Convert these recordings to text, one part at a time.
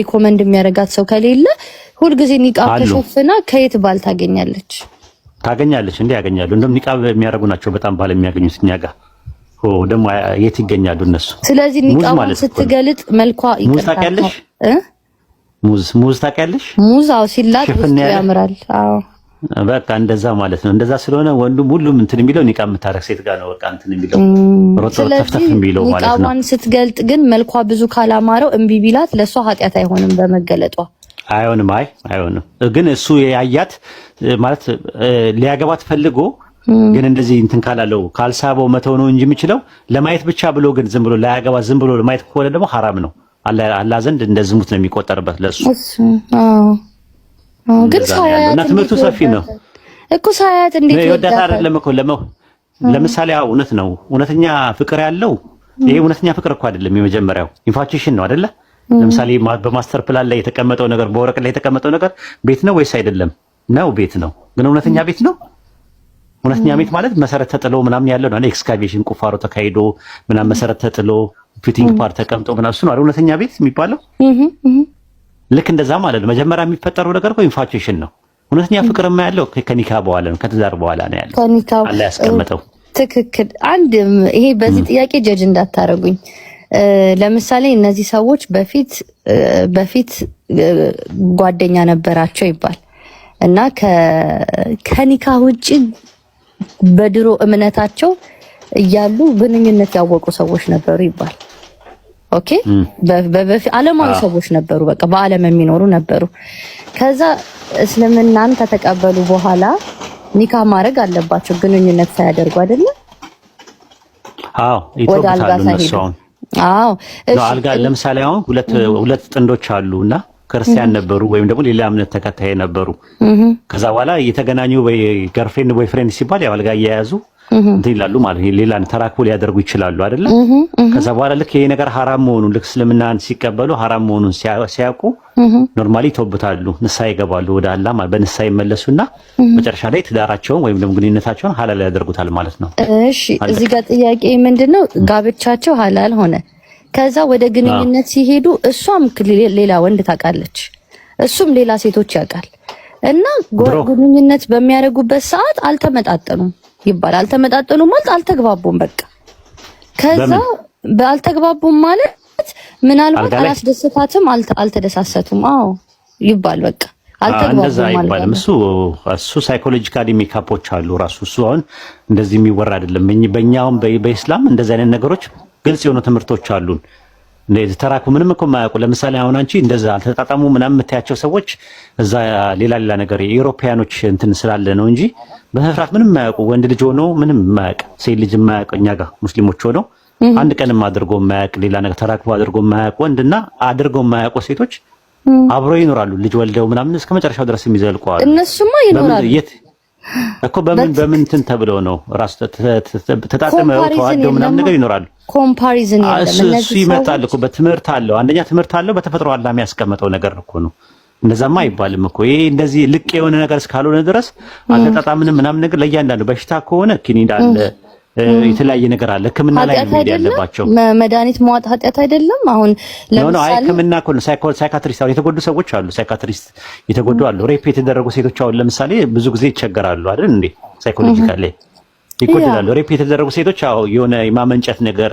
ሪኮመንድ የሚያደርጋት ሰው ከሌለ ሁልጊዜ ኒቃብ ተሸፍና ከየት ባል ታገኛለች ታገኛለች እንዴ? ያገኛሉ። እንደውም ኒቃብ የሚያደርጉ ናቸው በጣም ባል የሚያገኙት እኛ ጋር ደግሞ የት ይገኛሉ እነሱ? ስለዚህ ኒቃቡን ስትገልጥ መልኳ ይቀርታል። ሙዝ ሙዝ ታውቂያለሽ? ሙዝ አዎ፣ ሲላጥ ውስጡ ያምራል። አዎ በቃ እንደዛ ማለት ነው። እንደዛ ስለሆነ ወንዱም ሁሉም እንትን የሚለው ኒቃብ የምታረግ ሴት ጋር ነው በቃ እንትን የሚለው ሮጥ ተፍተፍ የሚለው ማለት ነው። ኒቃቧን ስትገልጥ ግን መልኳ ብዙ ካላማረው እምቢ ቢላት ለእሷ ኃጢአት አይሆንም በመገለጧ አይሆንም። አይ አይሆንም። ግን እሱ ያያት ማለት ሊያገባት ፈልጎ ግን እንደዚህ እንትን ካላለው ካልሳበው መተው ነው እንጂ የሚችለው ለማየት ብቻ ብሎ ግን ዝም ብሎ ላያገባት ዝም ብሎ ለማየት ከሆነ ደግሞ ሀራም ነው አላ ዘንድ እንደ ዝሙት ነው የሚቆጠርበት ለእሱ ግን ሳያት ትምህርቱ ሰፊ ነው እኮ ሳያት እንዴት ለመው ለምሳሌ አዎ እውነት ነው። እውነተኛ ፍቅር ያለው ይሄ እውነተኛ ፍቅር እኮ አይደለም። የመጀመሪያው ኢንፋቹዌሽን ነው አይደለ? ለምሳሌ በማስተር ፕላን ላይ የተቀመጠው ነገር፣ በወረቀት ላይ የተቀመጠው ነገር ቤት ነው ወይስ አይደለም? ነው ቤት ነው። ግን እውነተኛ ቤት ነው? እውነተኛ ቤት ማለት መሰረት ተጥሎ ምናምን ያለው ነው። ኤክስካቬሽን ቁፋሮ ተካሂዶ ምናምን መሰረት ተጥሎ ፊቲንግ ፓርት ተቀምጦ ምናምን እሱ ነው እውነተኛ ቤት የሚባለው። ልክ እንደዛ ማለት ነው። መጀመሪያ የሚፈጠረው ነገር እኮ ኢንፋቹዌሽን ነው። እውነተኛ ፍቅርማ ያለው ከኒካ በኋላ ነው፣ ከትዳር በኋላ ነው ያለው። ከኒካ አላ ያስቀመጠው ትክክል። አንድ ይሄ በዚህ ጥያቄ ጀጅ እንዳታረጉኝ። ለምሳሌ እነዚህ ሰዎች በፊት በፊት ጓደኛ ነበራቸው ይባል እና ከኒካ ውጭ በድሮ እምነታቸው እያሉ ግንኙነት ያወቁ ሰዎች ነበሩ ይባል ኦኬ አለማዊ ሰዎች ነበሩ፣ በቃ በአለም የሚኖሩ ነበሩ። ከዛ እስልምናን ከተቀበሉ በኋላ ኒካ ማድረግ አለባቸው ግንኙነት ሳያደርጉ አይደለ? አዎ ይተውታሉ እነሱ። አዎ አልጋ ለምሳሌ አሁን ሁለት ሁለት ጥንዶች አሉ እና ክርስቲያን ነበሩ ወይም ደግሞ ሌላ እምነት ተከታይ ነበሩ። ከዛ በኋላ እየተገናኙ ወይ ገርፍሬንድ ቦይፍሬንድ ሲባል ያው አልጋ እየያዙ እንትን ይላሉ ማለት ነው። ሌላን ተራክቦ ሊያደርጉ ይችላሉ አይደለ? ከዛ በኋላ ልክ ይሄ ነገር ሐራም መሆኑን ልክ እስልምናን ሲቀበሉ ሐራም መሆኑን ሲያውቁ ኖርማሊ ይተውብታሉ፣ ንሳ ይገባሉ ወደ አላህ ማለት በንሳ ይመለሱና መጨረሻ ላይ ትዳራቸውን ወይም ደግሞ ግንኙነታቸውን ሐላል ያደርጉታል ማለት ነው። እሺ፣ እዚህ ጋር ጥያቄ ምንድነው? ጋብቻቸው ሐላል ሆነ። ከዛ ወደ ግንኙነት ሲሄዱ እሷም ሌላ ወንድ ታውቃለች፣ እሱም ሌላ ሴቶች ያውቃል እና ግንኙነት በሚያደርጉበት ሰዓት አልተመጣጠኑም። ይባላል። አልተመጣጠኑም ማለት አልተግባቡም። በቃ ከዛ በአልተግባቡም ማለት ምናልባት አላስደሰታትም፣ አልተደሳሰቱም። አዎ ይባል በቃ እንደዛ አይባልም። እሱ እሱ ሳይኮሎጂካሊ ሜካፖች አሉ ራሱ እሱ አሁን እንደዚህ የሚወራ አይደለም። በእኛውም በኢስላም እንደዚህ አይነት ነገሮች ግልጽ የሆኑ ትምህርቶች አሉን። ተራኩ ምንም እኮ የማያውቁ ለምሳሌ አሁን አንቺ እንደዛ አልተጣጣሙ ምናምን የምታያቸው ሰዎች እዛ ሌላ ሌላ ነገር የኤሮፓያኖች እንትን ስላለ ነው እንጂ በመፍራት ምንም የማያውቁ ወንድ ልጅ ሆኖ ምንም የማያውቅ ሴት ልጅ የማያውቅ እኛ ጋር ሙስሊሞች ሆነው አንድ ቀንም አድርጎ የማያውቅ ሌላ ነገር ተራክቦ አድርጎ የማያውቅ ወንድና አድርጎ የማያውቁ ሴቶች አብሮ ይኖራሉ። ልጅ ወልደው ምናምን እስከ መጨረሻው ድረስ የሚዘልቁ አሉ። እነሱማ ይኖራሉ እኮ በምን በምን እንትን ተብሎ ነው ራሱ ተጣጥመው ተዋደው ምናምን ነገር ይኖራሉ። ኮምፓሪዝን የለም። እሱ ይመጣል እኮ በትምህርት አለው። አንደኛ ትምህርት አለው። በተፈጥሮ አላህ የሚያስቀምጠው ነገር እኮ ነው። እንደዛማ አይባልም እኮ ይሄ እንደዚህ ልቅ የሆነ ነገር እስካልሆነ ድረስ አተጣጣምንም ምናምን ነገር ለእያንዳንዱ በሽታ ከሆነ ኪኒ አለ፣ የተለያየ ነገር አለ። ሕክምና ላይ ሄድ ያለባቸው መድኃኒት መዋጥ ኃጢአት አይደለም። አሁን ለምሳሌ ሕክምና እኮ ሳይካትሪስት አሁን የተጎዱ ሰዎች አሉ። ሳይካትሪስት የተጎዱ አሉ። ሬፕ የተደረጉ ሴቶች አሁን ለምሳሌ ብዙ ጊዜ ይቸገራሉ አይደል እንዴ ላይ ይጎደላሉ። ሬፕ የተደረጉ ሴቶች አዎ የሆነ የማመንጨት ነገር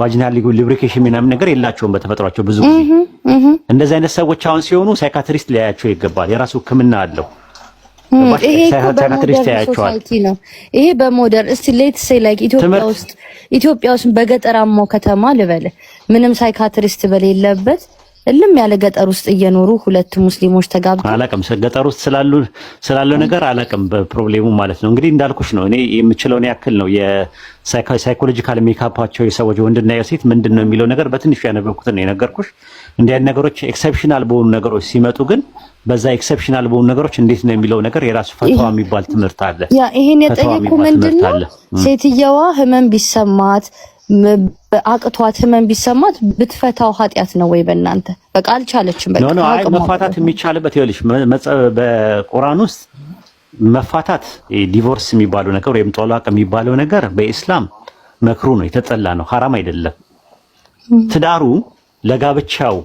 ቫጂናል ሊብሪኬሽን ምናምን ነገር የላቸውም በተፈጥሯቸው ብዙ ጊዜ። እንደዚህ አይነት ሰዎች አሁን ሲሆኑ ሳይካትሪስት ሊያያቸው ይገባል። የራሱ ሕክምና አለው። ይሄ በሞደርን እስቲ ሌት ሴ ላይክ ኢትዮጵያ ውስጥ ኢትዮጵያ ውስጥ በገጠራማው ከተማ ልበል ምንም ሳይካትሪስት በሌለበት እልም ያለ ገጠር ውስጥ እየኖሩ ሁለት ሙስሊሞች ተጋብተው አላውቅም። ገጠር ውስጥ ስላሉ ስላለው ነገር አላውቅም። በፕሮብሌሙ ማለት ነው እንግዲህ እንዳልኩሽ ነው። እኔ የምችለውን ያክል ነው የሳይኮሎጂካል ሜካፓቸው የሰዎች ወንድና የሴት ምንድን ነው የሚለው ነገር በትንሹ ያነበብኩትን ነው የነገርኩሽ። እንዲያን ነገሮች ኤክሰፕሽናል በሆኑ ነገሮች ሲመጡ ግን በዛ ኤክሰፕሽናል በሆኑ ነገሮች እንዴት ነው የሚለው ነገር የራሱ ፈተዋ የሚባል ትምህርት አለ። ያ ይሄን የጠየቁ ምንድን ነው ሴትየዋ ህመም ቢሰማት አቅቷት ህመም ቢሰማት ብትፈታው ኃጢአት ነው ወይ? በእናንተ በቃ አልቻለችም። በቃ መፋታት የሚቻልበት ይኸውልሽ፣ በቁርአን ውስጥ መፋታት ዲቮርስ የሚባለው ነገር ወይም ጦላቅ የሚባለው ነገር በኢስላም መክሩ ነው፣ የተጠላ ነው፣ ሀራም አይደለም። ትዳሩ ለጋብቻው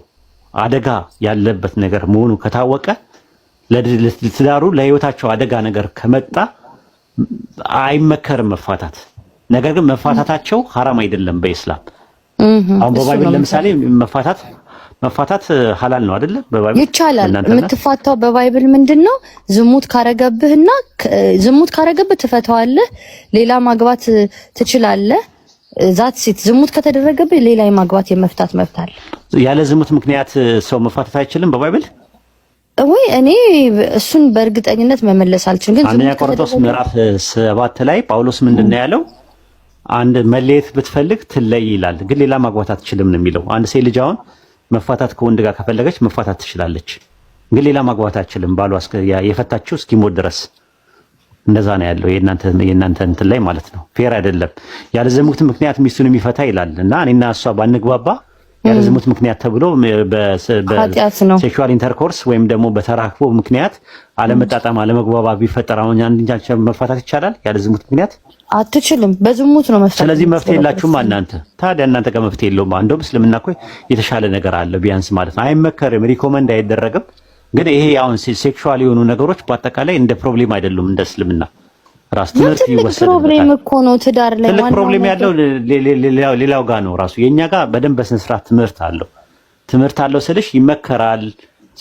አደጋ ያለበት ነገር መሆኑ ከታወቀ ለትዳሩ ለህይወታቸው አደጋ ነገር ከመጣ አይመከርም መፋታት። ነገር ግን መፋታታቸው ሀራም አይደለም በኢስላም። አሁን በባይብል ለምሳሌ መፋታት መፋታት ሀላል ነው አይደለም? በባይብል ይቻላል። የምትፋታው በባይብል ምንድን ነው? ዝሙት ካረገብህና ዝሙት ካረገብህ ትፈታዋለህ። ሌላ ማግባት ትችላለህ። ዛት ሴት ዝሙት ከተደረገብህ ሌላ የማግባት የመፍታት መብት አለ። ያለ ዝሙት ምክንያት ሰው መፋታት አይችልም በባይብል ወይ? እኔ እሱን በእርግጠኝነት መመለስ አልችልም። ግን አንደኛ ቆሮንቶስ ምዕራፍ ሰባት ላይ ጳውሎስ ምንድን ነው ያለው? አንድ መለየት ብትፈልግ ትለይ ይላል፣ ግን ሌላ ማግባት አትችልም ነው የሚለው። አንድ ሴት ልጅ አሁን መፋታት ከወንድ ጋር ከፈለገች መፋታት ትችላለች፣ ግን ሌላ ማግባት አትችልም ባሉ የፈታችው እስኪሞት ድረስ። እንደዛ ነው ያለው የእናንተ እንትን ላይ ማለት ነው። ፌር አይደለም። ያለ ዝሙት ምክንያት ሚስቱን የሚፈታ ይላል እና እኔና እሷ ባንግባባ ያለ ዝሙት ምክንያት ተብሎ በሴክሹዋል ኢንተርኮርስ ወይም ደግሞ በተራክቦ ምክንያት አለመጣጣም፣ አለመግባባ ቢፈጠር አሁን አንዳቸው መፋታት ይቻላል ያለ ዝሙት ምክንያት አትችልም። በዝሙት ነው መፍታት። ስለዚህ መፍትሄ የላችሁም እናንተ። ታዲያ እናንተ ጋር መፍትሄ የለውም። እንደውም እስልምና እኮ የተሻለ ነገር አለ ቢያንስ ማለት ነው። አይመከርም፣ ሪኮመንድ አይደረግም። ግን ይሄ አሁን ሴክሹዋል የሆኑ ነገሮች በአጠቃላይ እንደ ፕሮብሌም አይደሉም እንደ እስልምና ራስ ትምህርት ይወሰድ። ፕሮብሌም እኮ ነው ትዳር ላይ ትልቅ ፕሮብሌም ያለው ሌላው ጋር ነው ራሱ። የኛ ጋር በደንብ በስነ ስርዓት ትምህርት አለው። ትምህርት አለው ስልሽ ይመከራል።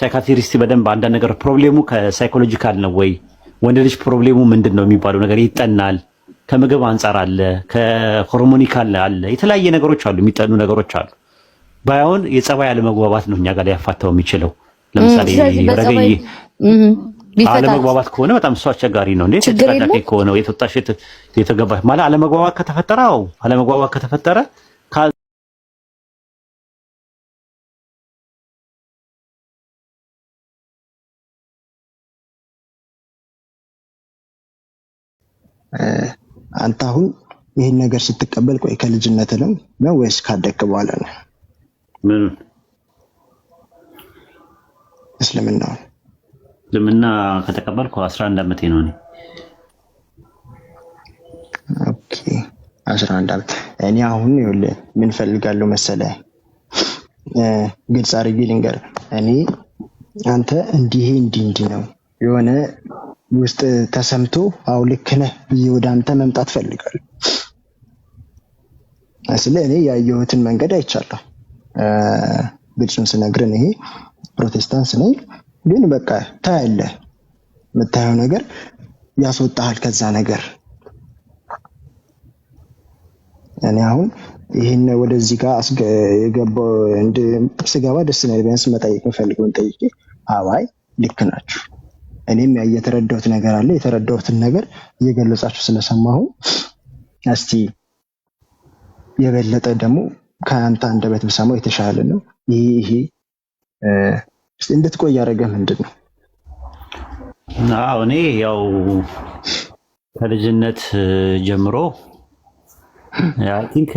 ሳይካትሪስት በደንብ አንዳንድ ነገር ፕሮብሌሙ ከሳይኮሎጂካል ነው ወይ ወንድ ልጅ ፕሮብሌሙ ምንድን ነው የሚባለው ነገር ይጠናል። ከምግብ አንጻር አለ፣ ከሆርሞኒካል አለ፣ የተለያየ ነገሮች አሉ፣ የሚጠኑ ነገሮች አሉ። ባይሆን የጸባይ አለመግባባት ነው እኛ ጋር ሊያፋታው የሚችለው። ለምሳሌ አለመግባባት ከሆነ በጣም እሱ አስቸጋሪ ነው። እንዴት ተጨቃጫቂ ከሆነ የተወጣ የተወጣሽ የተገባ ማለት አለመግባባት ከተፈጠረ ው አለመግባባት ከተፈጠረ አንተ አሁን ይህን ነገር ስትቀበል ቆይ ከልጅነት ነው ነው ወይስ ካደግክ በኋላ ነው? ምን እስልምና እስልምና ከተቀበልኩ አስራ አንድ ዓመቴ ነው ኦኬ አስራ አንድ ዓመት እኔ አሁን ይኸውልህ ምን ፈልጋለሁ መሰለህ፣ ግልጽ አድርጌ ልንገርህ። እኔ አንተ እንዲህ እንዲህ እንዲህ ነው የሆነ ውስጥ ተሰምቶ አው ልክ ነህ ብዬ ወደ አንተ መምጣት ፈልጋል። ስለ እኔ ያየሁትን መንገድ አይቻለሁ። ግልጹን ስነግርን ይሄ ፕሮቴስታንት ነኝ፣ ግን በቃ ታያለህ፣ የምታየው ነገር ያስወጣሃል ከዛ ነገር። እኔ አሁን ይህን ወደዚህ ጋር የገባው ስገባ ደስ ነው ቢያንስ መጠየቅ የምፈልገውን ጠይቄ አዋይ ልክ ናችሁ እኔም የተረዳሁት ነገር አለ። የተረዳሁትን ነገር እየገለጻችሁ ስለሰማሁ እስቲ የበለጠ ደግሞ ከአንተ አንደበት ብሰማው የተሻለ ነው። ይሄ ይሄ እንድትቆይ ያደረገ ምንድን ነው? አዎ እኔ ያው ከልጅነት ጀምሮ ቲንክ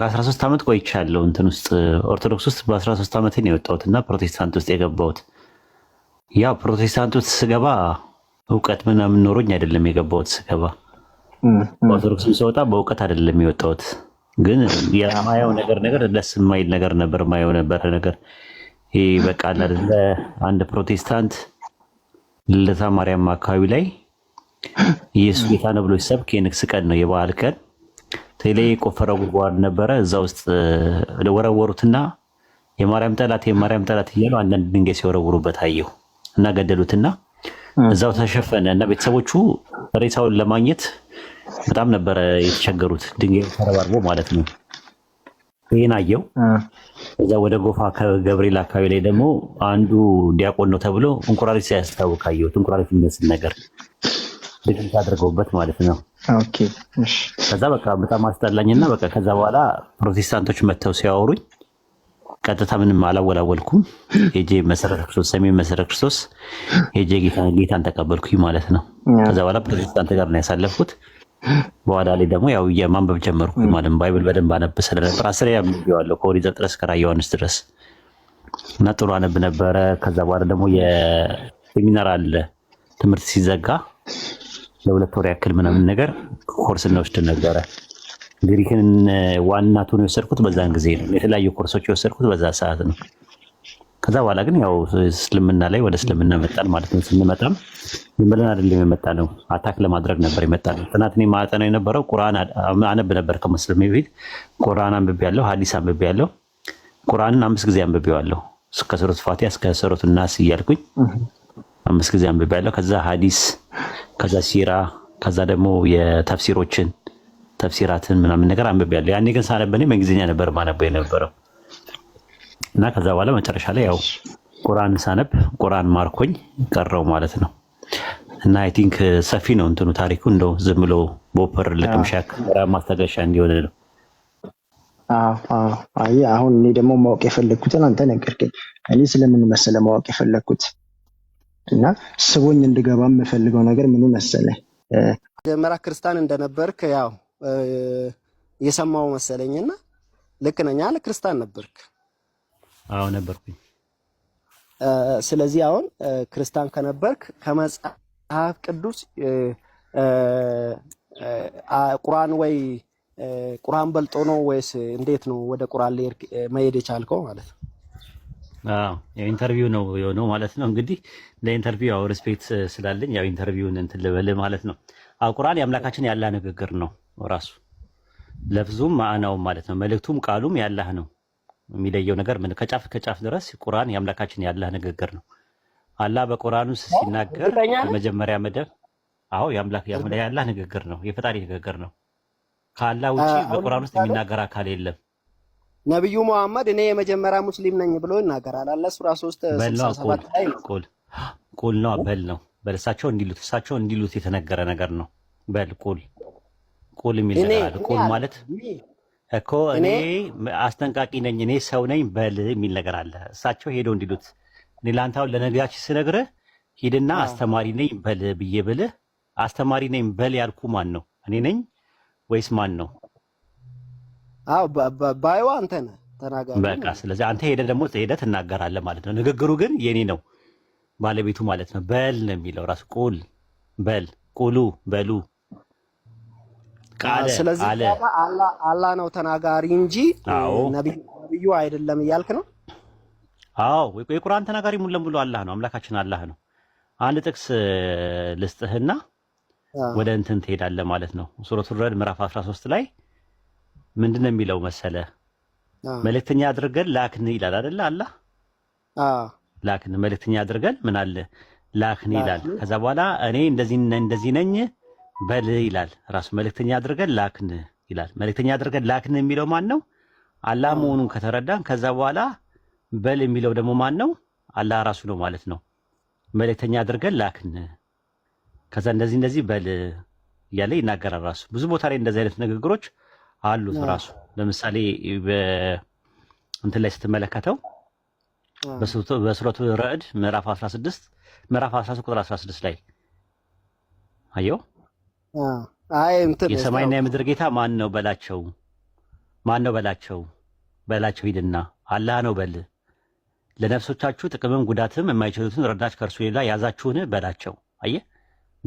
ከ13 ዓመት ቆይቻለሁ እንትን ውስጥ ኦርቶዶክስ ውስጥ በ13 ዓመት ነው የወጣሁት እና ፕሮቴስታንት ውስጥ የገባሁት ያው ፕሮቴስታንቱ ስገባ እውቀት ምናምን ኖሮኝ አይደለም የገባሁት። ስገባ ኦርቶዶክስም ስወጣ በእውቀት አይደለም የወጣሁት፣ ግን የማየው ነገር ነገር ደስ የማይል ነገር ነበር። ማየው ነበረ ነገር ይህ በቃ አንድ ፕሮቴስታንት ልደታ ማርያም አካባቢ ላይ ኢየሱስ ጌታ ነው ብሎ ሲሰብክ የንግስ ቀን ነው የበዓል ቀን ቴሌ የቆፈረው ጉድጓድ ነበረ። እዛ ውስጥ ወረወሩትና የማርያም ጠላት የማርያም ጠላት እያሉ አንዳንድ ድንጋይ ሲወረውሩበት አየሁ። እና ገደሉትና እዛው ተሸፈነ እና ቤተሰቦቹ ሬሳውን ለማግኘት በጣም ነበረ የተቸገሩት፣ ድንጋይ ተረባርቦ ማለት ነው። ይህን አየው። እዛ ወደ ጎፋ ከገብርኤል አካባቢ ላይ ደግሞ አንዱ ዲያቆን ነው ተብሎ እንቁራሪት ሲያስታውቅ አየሁት። እንቁራሪት የሚመስል ነገር ድግምት አድርገውበት ማለት ነው። ከዛ በቃ በጣም አስጠላኝና በቃ ከዛ በኋላ ፕሮቴስታንቶች መጥተው ሲያወሩኝ ቀጥታ ምንም አላወላወልኩም። ሄጄ መሰረተ ክርስቶስ ሰሜን መሰረተ ክርስቶስ ሄጄ ጌታን ተቀበልኩኝ ማለት ነው። ከዛ በኋላ ፕሮቴስታንት ጋር ነው ያሳለፍኩት። በኋላ ላይ ደግሞ ያው የማንበብ ጀመርኩ ማለት ባይብል በደንብ አነብ ስለነበር አስር ያምዋለሁ ከኦሪት ዘፍጥረት እስከ ራዕየ ዮሐንስ ድረስ እና ጥሩ አነብ ነበረ። ከዛ በኋላ ደግሞ የሴሚናር አለ ትምህርት ሲዘጋ ለሁለት ወር ያክል ምናምን ነገር ኮርስ እንወስድ ነበረ ግሪክን ዋናቱን የወሰድኩት በዛን ጊዜ ነው። የተለያዩ ኮርሶች የወሰድኩት በዛ ሰዓት ነው። ከዛ በኋላ ግን ያው እስልምና ላይ ወደ እስልምና መጣን ማለት ነው። ስንመጣም ዝም ብለን አይደለም የመጣ ነው፣ አታክ ለማድረግ ነበር የመጣ ነው። ጥናት ማጠ ነው የነበረው። ቁርአን አነብ ነበር ከመስለሜ በፊት ቁርአን አንብቤ ያለው፣ ሀዲስ አንብቤ ያለው። ቁርአንን አምስት ጊዜ አንብቤዋለሁ ከሱረት ፋቲሃ እስከ ሱረት ናስ እያልኩኝ አምስት ጊዜ አንብቤ ያለው። ከዛ ሀዲስ፣ ከዛ ሲራ፣ ከዛ ደግሞ የተፍሲሮችን ተፍሲራትን ምናምን ነገር አንብቤያለሁ። ያኔ ግን ሳነብ እኔ በእንግሊዝኛ ነበር ማነበው የነበረው እና ከዛ በኋላ መጨረሻ ላይ ያው ቁርአን ሳነብ ቁርአን ማርኮኝ ቀረው ማለት ነው። እና አይ ቲንክ ሰፊ ነው እንትኑ ታሪኩ እንደው ዝም ብሎ ቦፐር ለቅምሻክ ማስታገሻ እንዲሆን ነው። አይ አሁን እኔ ደግሞ ማወቅ የፈለግኩትን አንተ ነገርከኝ። እኔ ስለምን መሰለ ማወቅ የፈለግኩት እና ስቦኝ እንድገባ የምፈልገው ነገር ምን መሰለ መጀመሪያ ክርስቲያን እንደነበርክ ያው የሰማው መሰለኝና ልክ ነኝ አለ። ነበርክ? አዎ ነበርኩኝ። ስለዚህ አሁን ክርስቲያን ከነበርክ ከመጽሐፍ ቅዱስ ቁርአን ወይ ቁርአን በልጦ ነው ወይስ እንዴት ነው ወደ ቁርአን መሄድ የቻልከው ማለት ነው? አዎ ያው ኢንተርቪው ነው የሆነው ማለት ነው። እንግዲህ ለኢንተርቪው ያው ሪስፔክት ስላለኝ ያው ኢንተርቪውን እንትን ልበል ማለት ነው። አዎ ቁርአን የአምላካችን ያላ ንግግር ነው ራሱ ለፍዙም ማዕናውም ማለት ነው። መልእክቱም ቃሉም ያላህ ነው። የሚለየው ነገር ምን? ከጫፍ ከጫፍ ድረስ ቁርአን የአምላካችን ያላህ ንግግር ነው። አላህ በቁርአኑ ውስጥ ሲናገር በመጀመሪያ መደብ አዎ ያላህ ንግግር ነው፣ የፈጣሪ ንግግር ነው። ከአላህ ውጪ በቁርአን ውስጥ የሚናገር አካል የለም። ነብዩ መሐመድ እኔ የመጀመሪያ ሙስሊም ነኝ ብሎ ይናገራል። አለ ሱራ 3 67 ላይ ነው። ቁል ነው በል ነው በል እሳቸው እንዲሉት እሳቸው እንዲሉት የተነገረ ነገር ነው በል ቁል ቁል የሚል ነገር አለ። ማለት እኮ እኔ አስጠንቃቂ ነኝ፣ እኔ ሰው ነኝ በል የሚል ነገር አለ። እሳቸው ሄደው እንዲሉት እኔ ለአንተ አሁን ስነግርህ ሂድና አስተማሪ ነኝ በል ብዬ ብልህ አስተማሪ ነኝ በል ያልኩ ማን ነው? እኔ ነኝ ወይስ ማን ነው? ባይዋ አንተ ነህ ተናጋሪ። በቃ ስለዚህ አንተ ሄደህ ደግሞ ሄደህ ትናገራለህ ማለት ነው። ንግግሩ ግን የኔ ነው ባለቤቱ ማለት ነው። በል ነው የሚለው ራሱ ቁል በል ቁሉ በሉ ስለዚህ አላህ ነው ተናጋሪ እንጂ ነብዩ አይደለም እያልክ ነው? አዎ የቁርአን ተናጋሪ ሙሉ ለሙሉ አላህ ነው፣ አምላካችን አላህ ነው። አንድ ጥቅስ ልስጥህና ወደ እንትን ትሄዳለህ ማለት ነው። ሱረቱ ረድ ምዕራፍ 13 ላይ ምንድን ነው የሚለው መሰለ መልእክተኛ አድርገን ላክን ይላል አደለ? አላ ላክን መልእክተኛ አድርገን ምን አለ ላክን ይላል። ከዛ በኋላ እኔ እንደዚህ ነኝ በል ይላል ራሱ መልእክተኛ አድርገን ላክን ይላል። መልእክተኛ አድርገን ላክን የሚለው ማን ነው? አላህ መሆኑን ከተረዳን ከዛ በኋላ በል የሚለው ደግሞ ማን ነው? አላህ ራሱ ነው ማለት ነው። መልእክተኛ አድርገን ላክን፣ ከዛ እንደዚህ እንደዚህ በል እያለ ይናገራል ራሱ። ብዙ ቦታ ላይ እንደዚህ አይነት ንግግሮች አሉት ራሱ። ለምሳሌ እንትን ላይ ስትመለከተው በሱረቱ ረዕድ ምዕራፍ 16 ምዕራፍ 13 ቁጥር 16 ላይ አየው የሰማይና የምድር ጌታ ማን ነው በላቸው። ማን ነው በላቸው በላቸው ሂድና አላህ ነው በል። ለነፍሶቻችሁ ጥቅምም ጉዳትም የማይችሉትን ረዳች ከእርሱ ሌላ ያዛችሁን በላቸው። አየ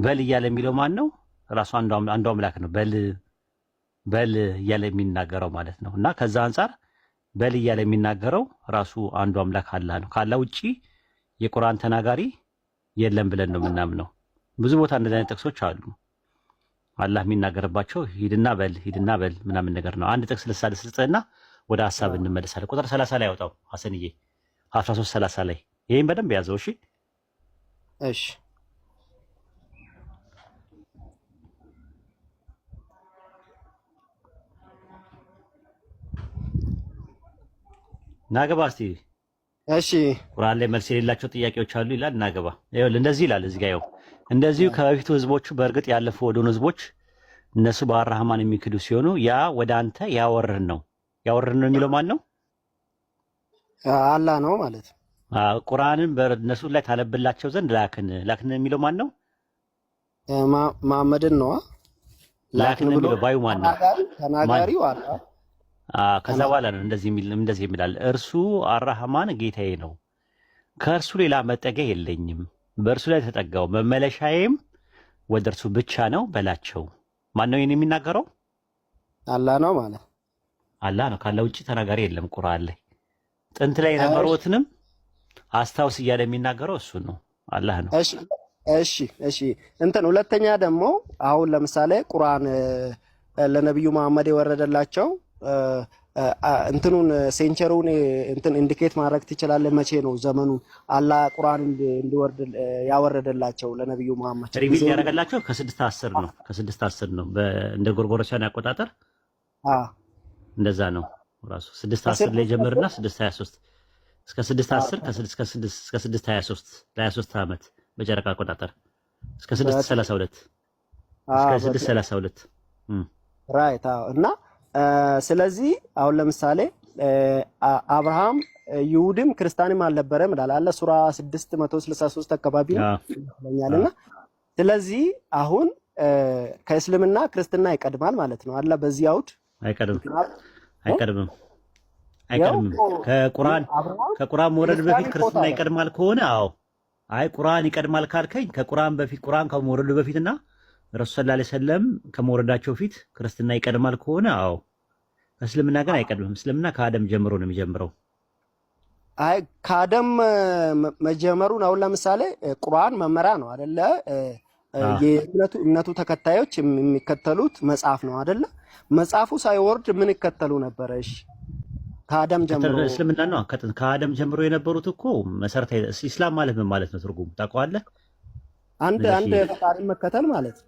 በል እያለ የሚለው ማን ነው? ራሱ አንዱ አምላክ ነው። በል በል እያለ የሚናገረው ማለት ነው። እና ከዛ አንጻር በል እያለ የሚናገረው ራሱ አንዱ አምላክ አላህ ነው። ካላህ ውጭ የቁርአን ተናጋሪ የለም ብለን ነው የምናምነው። ብዙ ቦታ እንደዚህ አይነት ጥቅሶች አሉ። አላህ የሚናገርባቸው ሂድና በል ሂድና በል ምናምን ነገር ነው። አንድ ጥቅስ ልሳል ስልጥህና ወደ ሀሳብ እንመለሳለን። ቁጥር ሰላሳ ላይ ያውጣው ሀሰንዬ አስራ ሶስት ሰላሳ ላይ ይህም በደንብ የያዘው እሺ እሺ ናገባ እሺ ቁርአን ላይ መልስ የሌላቸው ጥያቄዎች አሉ ይላል። እናገባ ይኸውል እንደዚህ ይላል እዚህ ጋር ይኸው እንደዚሁ ከበፊቱ ህዝቦቹ በእርግጥ ያለፉ ወደሆኑ ህዝቦች እነሱ በአራህማን የሚክዱ ሲሆኑ ያ ወደ አንተ ያወርህን ነው ያወርህን ነው የሚለው ማን ነው? አላህ ነው ማለት ቁርአንን በእነሱ ላይ ታነብላቸው ዘንድ ላክን ላክን የሚለው ማን ነው? መሐመድን ነዋ። ላክን የሚለው ባዩ ማን ነው? ተናጋሪው አላህ ከዛ በኋላ ነው እንደዚህ የሚላል እርሱ አራህማን ጌታዬ ነው፣ ከእርሱ ሌላ መጠጊያ የለኝም። በእርሱ ላይ ተጠጋው መመለሻዬም ወደ እርሱ ብቻ ነው በላቸው። ማን ነው ይህን የሚናገረው? አላ ነው ማለት አላህ ነው። ካለ ውጭ ተናጋሪ የለም። ቁርአን ላይ ጥንት ላይ የነበሩትንም አስታውስ እያለ የሚናገረው እሱን ነው፣ አላህ ነው። እሺ እሺ እንትን ሁለተኛ ደግሞ አሁን ለምሳሌ ቁርአን ለነቢዩ መሐመድ የወረደላቸው እንትኑን ሴንቸሩን እንትን ኢንዲኬት ማድረግ ትችላለህ? መቼ ነው ዘመኑ አላ ቁርአን እንዲወርድ ያወረደላቸው ለነቢዩ መሐመድ ሪቪል ያደረገላቸው? ከስድስት አስር ነው ከስድስት አስር ነው እንደ ጎርጎሮሳውያን አቆጣጠር እንደዛ ነው። ራሱ ስድስት አስር ላይ ጀመርና ስድስት ሀያ ሶስት እስከ ስድስት አስር እስከ ስድስት ሀያ ሶስት ለሀያ ሶስት ዓመት በጨረቃ አቆጣጠር እስከ ስድስት ሰላሳ ሁለት እስከ ስድስት ሰላሳ ሁለት ራይት እና ስለዚህ አሁን ለምሳሌ አብርሃም ይሁድም ክርስቲያንም አልነበረም ይላል አለ ሱራ 663 አካባቢ ይለኛል እና ስለዚህ አሁን ከእስልምና ክርስትና ይቀድማል ማለት ነው አለ በዚህ አውድ አይቀድም አይቀድምም አይቀድምም ከቁርአን ከቁርአን መውረድ በፊት ክርስትና ይቀድማል ከሆነ አዎ አይ ቁርአን ይቀድማል ካልከኝ ከቁርአን በፊት ቁርአን ከመውረዱ በፊትና ረሱ ስላ ሰለም ከመውረዳቸው ፊት ክርስትና ይቀድማል ከሆነ አዎ፣ እስልምና ግን አይቀድምም። እስልምና ከአደም ጀምሮ ነው የሚጀምረው። አይ ከአደም መጀመሩን አሁን ለምሳሌ ቁርአን መመሪያ ነው አደለ? የእምነቱ ተከታዮች የሚከተሉት መጽሐፍ ነው አደለ? መጽሐፉ ሳይወርድ ምን ይከተሉ ነበረ? እሺ ከአደም ጀምሮ እስልምና ነው። ከአደም ጀምሮ የነበሩት እኮ መሰረታዊ እስላም ማለት ምን ማለት ነው? ትርጉሙ ታውቀዋለህ? አንድ አንድ ፈጣሪ መከተል ማለት ነው።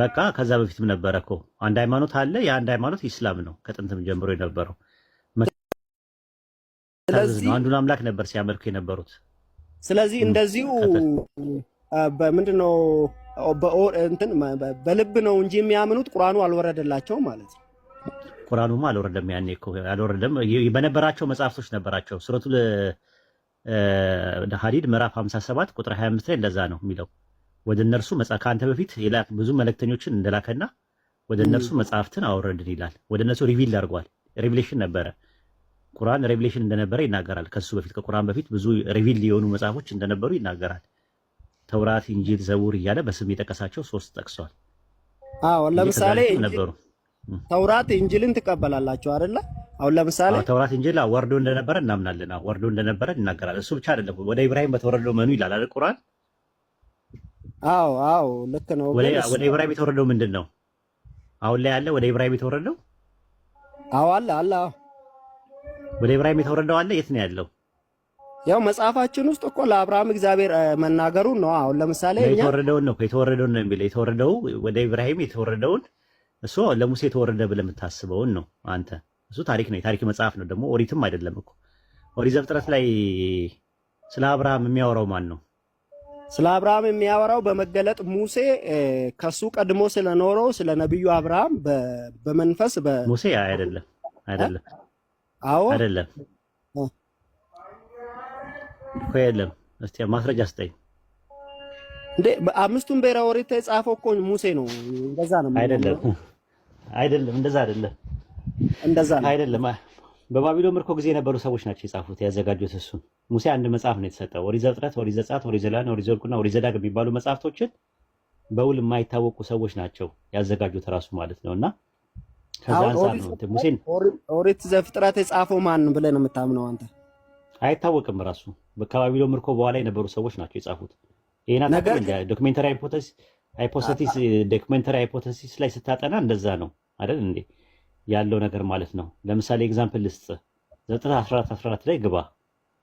በቃ ከዛ በፊትም ነበረ እኮ አንድ ሃይማኖት አለ። የአንድ ሃይማኖት ኢስላም ነው ከጥንትም ጀምሮ የነበረው አንዱን አምላክ ነበር ሲያመልኩ የነበሩት። ስለዚህ እንደዚሁ በምንድን እንትን በልብ ነው እንጂ የሚያምኑት ቁርአኑ አልወረደላቸው ማለት ነው። ቁርአኑማ አልወረደም፣ ያኔ እኮ አልወረደም። በነበራቸው መጽሐፍቶች ነበራቸው። ሱረቱል ሐዲድ ምዕራፍ 57 ቁጥር 25 ላይ እንደዛ ነው የሚለው ወደ እነርሱ ከአንተ በፊት ብዙ መልእክተኞችን እንደላከና ወደ እነርሱ መጽሐፍትን አወረድን ይላል። ወደ እነርሱ ሪቪል አድርጓል። ሬቪሌሽን ነበረ። ቁርአን ሬቪሌሽን እንደነበረ ይናገራል። ከሱ በፊት ከቁርአን በፊት ብዙ ሪቪል የሆኑ መጽሐፎች እንደነበሩ ይናገራል። ተውራት፣ እንጂል፣ ዘቡር እያለ በስም የጠቀሳቸው ሶስት ጠቅሷል። አዎ ለምሳሌ ነበሩ ተውራት ኢንጂልን ትቀበላላችሁ አይደለ? አሁን ለምሳሌ ተውራት ኢንጂል ወርዶ እንደነበረ እናምናለን። ወርዶ እንደነበረ ይናገራል። እሱ ብቻ አይደለም። ወደ ኢብራሂም በተወረደው መኑ ይላል አይደል ቁርአን አዎ አዎ ልክ ነው። ወደ ኢብራሂም የተወረደው ምንድን ነው? አሁን ላይ አለ። ወደ ኢብራሂም የተወረደው አዎ አለ አለ። ወደ ኢብራሂም የተወረደው አለ። የት ነው ያለው? ያው መጽሐፋችን ውስጥ እኮ ለአብርሃም እግዚአብሔር መናገሩን ነው። አሁን ለምሳሌ የተወረደውን ነው የተወረደውን ነው የሚለው የተወረደው ወደ ኢብራሂም የተወረደውን እሱ ለሙሴ የተወረደ ብለህ የምታስበውን ነው አንተ። እሱ ታሪክ ነው፣ የታሪክ መጽሐፍ ነው ደግሞ ኦሪትም አይደለም እኮ ኦሪት ዘፍጥረት ላይ ስለ አብርሃም የሚያወራው ማን ነው? ስለ አብርሃም የሚያወራው በመገለጥ ሙሴ ከሱ ቀድሞ ስለኖረው ስለ ነቢዩ አብርሃም በመንፈስ ሙሴ አይደለም አይደለም አዎ አይደለም እኮ የለም። እስቲ ማስረጃ ስጠኝ እንዴ! አምስቱን ብሔረ ኦሪት የጻፈው እኮ ሙሴ ነው። እንደዛ ነው አይደለም? አይደለም፣ እንደዛ አይደለም፣ እንደዛ አይደለም በባቢሎን ምርኮ ጊዜ የነበሩ ሰዎች ናቸው የጻፉት ያዘጋጁት። እሱ ሙሴ አንድ መጽሐፍ ነው የተሰጠው። ኦሪት ዘፍጥረት፣ ኦሪት ዘጸአት፣ ኦሪት ዘሌዋውያን፣ ኦሪት ዘኍልቍና ኦሪት ዘዳግ የሚባሉ መጽሐፍቶችን በውል የማይታወቁ ሰዎች ናቸው ያዘጋጁት እራሱ ማለት ነው። እና ከዛ አንጻር ነው ሙሴን ኦሪት ዘፍጥረት የጻፈው ማን ነው ብለህ ነው የምታምነው አንተ? አይታወቅም። ራሱ ከባቢሎን ምርኮ በኋላ የነበሩ ሰዎች ናቸው የጻፉት። ይህና ሃይፖቴሲስ ዶክሜንተሪ ሃይፖቴሲስ ላይ ስታጠና እንደዛ ነው አይደል እንዴ? ያለው ነገር ማለት ነው። ለምሳሌ ኤግዛምፕል ልስጥ። ዘፍጥረት 14 14 ላይ ግባ።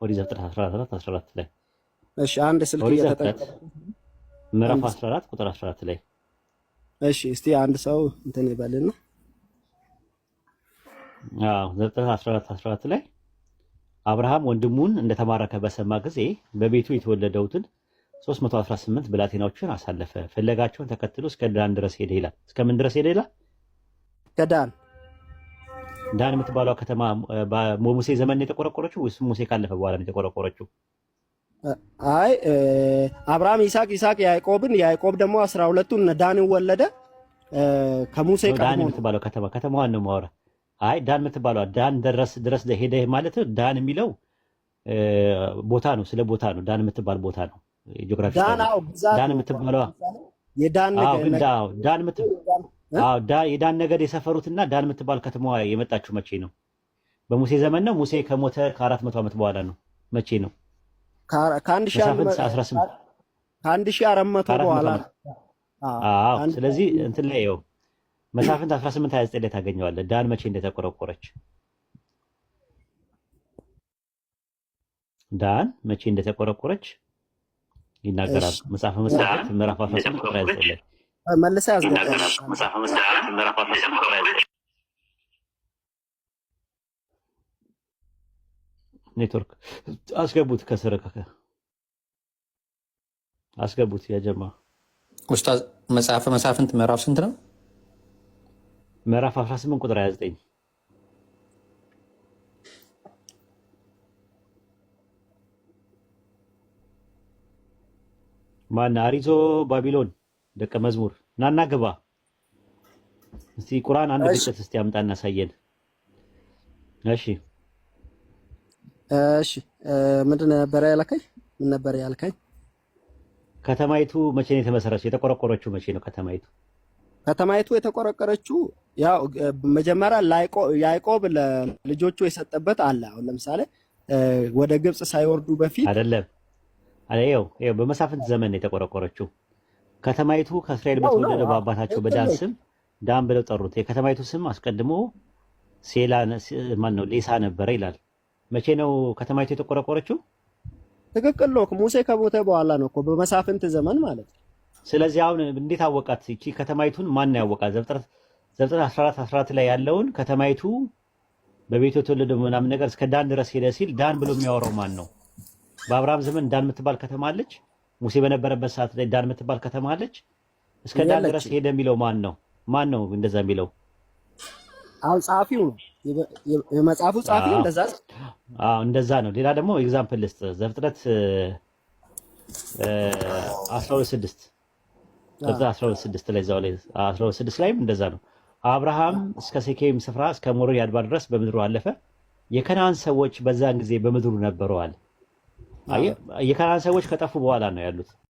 ኦሪት ዘፍጥረት 14 14 ላይ እሺ፣ አንድ ስልክ ምዕራፍ 14 ቁጥር 14 ላይ እሺ፣ እስቲ አንድ ሰው እንትን ይበልና አዎ፣ ዘፍጥረት 14 14 ላይ አብርሃም ወንድሙን እንደተማረከ በሰማ ጊዜ በቤቱ የተወለደውትን 318 ብላቴናዎችን አሳለፈ፣ ፍለጋቸውን ተከትሎ እስከ ዳን ድረስ ሄደ ይላል። እስከምን ድረስ ሄደ ይላል? ከዳን ዳን የምትባለው ከተማ በሙሴ ዘመን የተቆረቆረችው ወይስ ሙሴ ካለፈ በኋላ የተቆረቆረችው? አይ አብርሃም ይስሐቅ፣ ይስሐቅ ያዕቆብን፣ ያዕቆብ ደግሞ አስራ ሁለቱን ዳንን ወለደ። ከሙሴ ዳን የምትባለው ከተማ ከተማዋን ነው የማወራህ። አይ ዳን የምትባለ ዳን ድረስ ድረስ ሄደ ማለት ዳን የሚለው ቦታ ነው። ስለ ቦታ ነው። ዳን የምትባል ቦታ ነው። ጂኦግራፊ ዳን የምትባለው ዳን የዳን ነገድ የሰፈሩትና ዳን የምትባል ከተማዋ የመጣችው መቼ ነው? በሙሴ ዘመን ነው? ሙሴ ከሞተ ከአራት መቶ ዓመት በኋላ ነው? መቼ ነው? ከአንድ ሺህ አራት መቶ በኋላ። ስለዚህ እንትን ላይ ይኸው መሳፍንት 18 29 ላይ ታገኘዋለህ። ዳን መቼ እንደተቆረቆረች ዳን መቼ እንደተቆረቆረች ይናገራል መጽሐፈ መሳፍንት ምዕራፍ 18 29 ላይ መልሰ ኔትወርክ አስገቡት፣ ከስረከከ አስገቡት። ያጀማ ኡስታዝ መጽሐፈ መሳፍንት ምዕራፍ ስንት ነው? ምዕራፍ 18 ቁጥር 29 ማን አሪዞ ባቢሎን ደቀ መዝሙር ናና ግባ። እስቲ ቁርአን አንድ ግጭት እስቲ አምጣ እናሳየን። እሺ እሺ፣ ምንድን ነበረ ያልከኝ? ምን ነበረ ያልከኝ? ከተማይቱ መቼ ነው የተመሰረችው? የተቆረቆረችው መቼ ነው ከተማይቱ? ከተማይቱ የተቆረቆረችው ያው መጀመሪያ ያዕቆብ ለልጆቹ የሰጠበት አለ። አሁን ለምሳሌ ወደ ግብጽ ሳይወርዱ በፊት አይደለም። ይኸው በመሳፍንት ዘመን ነው የተቆረቆረችው። ከተማይቱ ከእስራኤል በተወለደ በአባታቸው በዳን ስም ዳን ብለው ጠሩት። የከተማይቱ ስም አስቀድሞ ሴላ ማን ነው ሌሳ ነበረ ይላል። መቼ ነው ከተማይቱ የተቆረቆረችው? ትክክል ነው። ሙሴ ከሞተ በኋላ ነው እኮ በመሳፍንት ዘመን ማለት ነው። ስለዚህ አሁን እንዴት አወቃት? ይቺ ከተማይቱን ማን ነው ያወቃት? ዘፍጥረት 14 14 ላይ ያለውን ከተማይቱ በቤቱ የተወለደ ምናምን ነገር እስከ ዳን ድረስ ሄደ ሲል ዳን ብሎ የሚያወራው ማን ነው? በአብርሃም ዘመን ዳን የምትባል ከተማ አለች። ሙሴ በነበረበት ሰዓት ላይ ዳን የምትባል ከተማ አለች። እስከ ዳን ድረስ ሄደ የሚለው ማን ነው? ማን ነው እንደዛ የሚለው? አሁን ጸሐፊው ነው የመጽሐፉ ጸሐፊ እንደዛ እንደዛ ነው። ሌላ ደግሞ ኤግዛምፕል ልስጥ። ዘፍጥረት አስራ ሁለት ስድስት ላይም እንደዛ ነው። አብርሃም እስከ ሴኬም ስፍራ እስከ ሞሮ አድባር ድረስ በምድሩ አለፈ። የከናን ሰዎች በዛን ጊዜ በምድሩ ነበረዋል። የከናን ሰዎች ከጠፉ በኋላ ነው ያሉት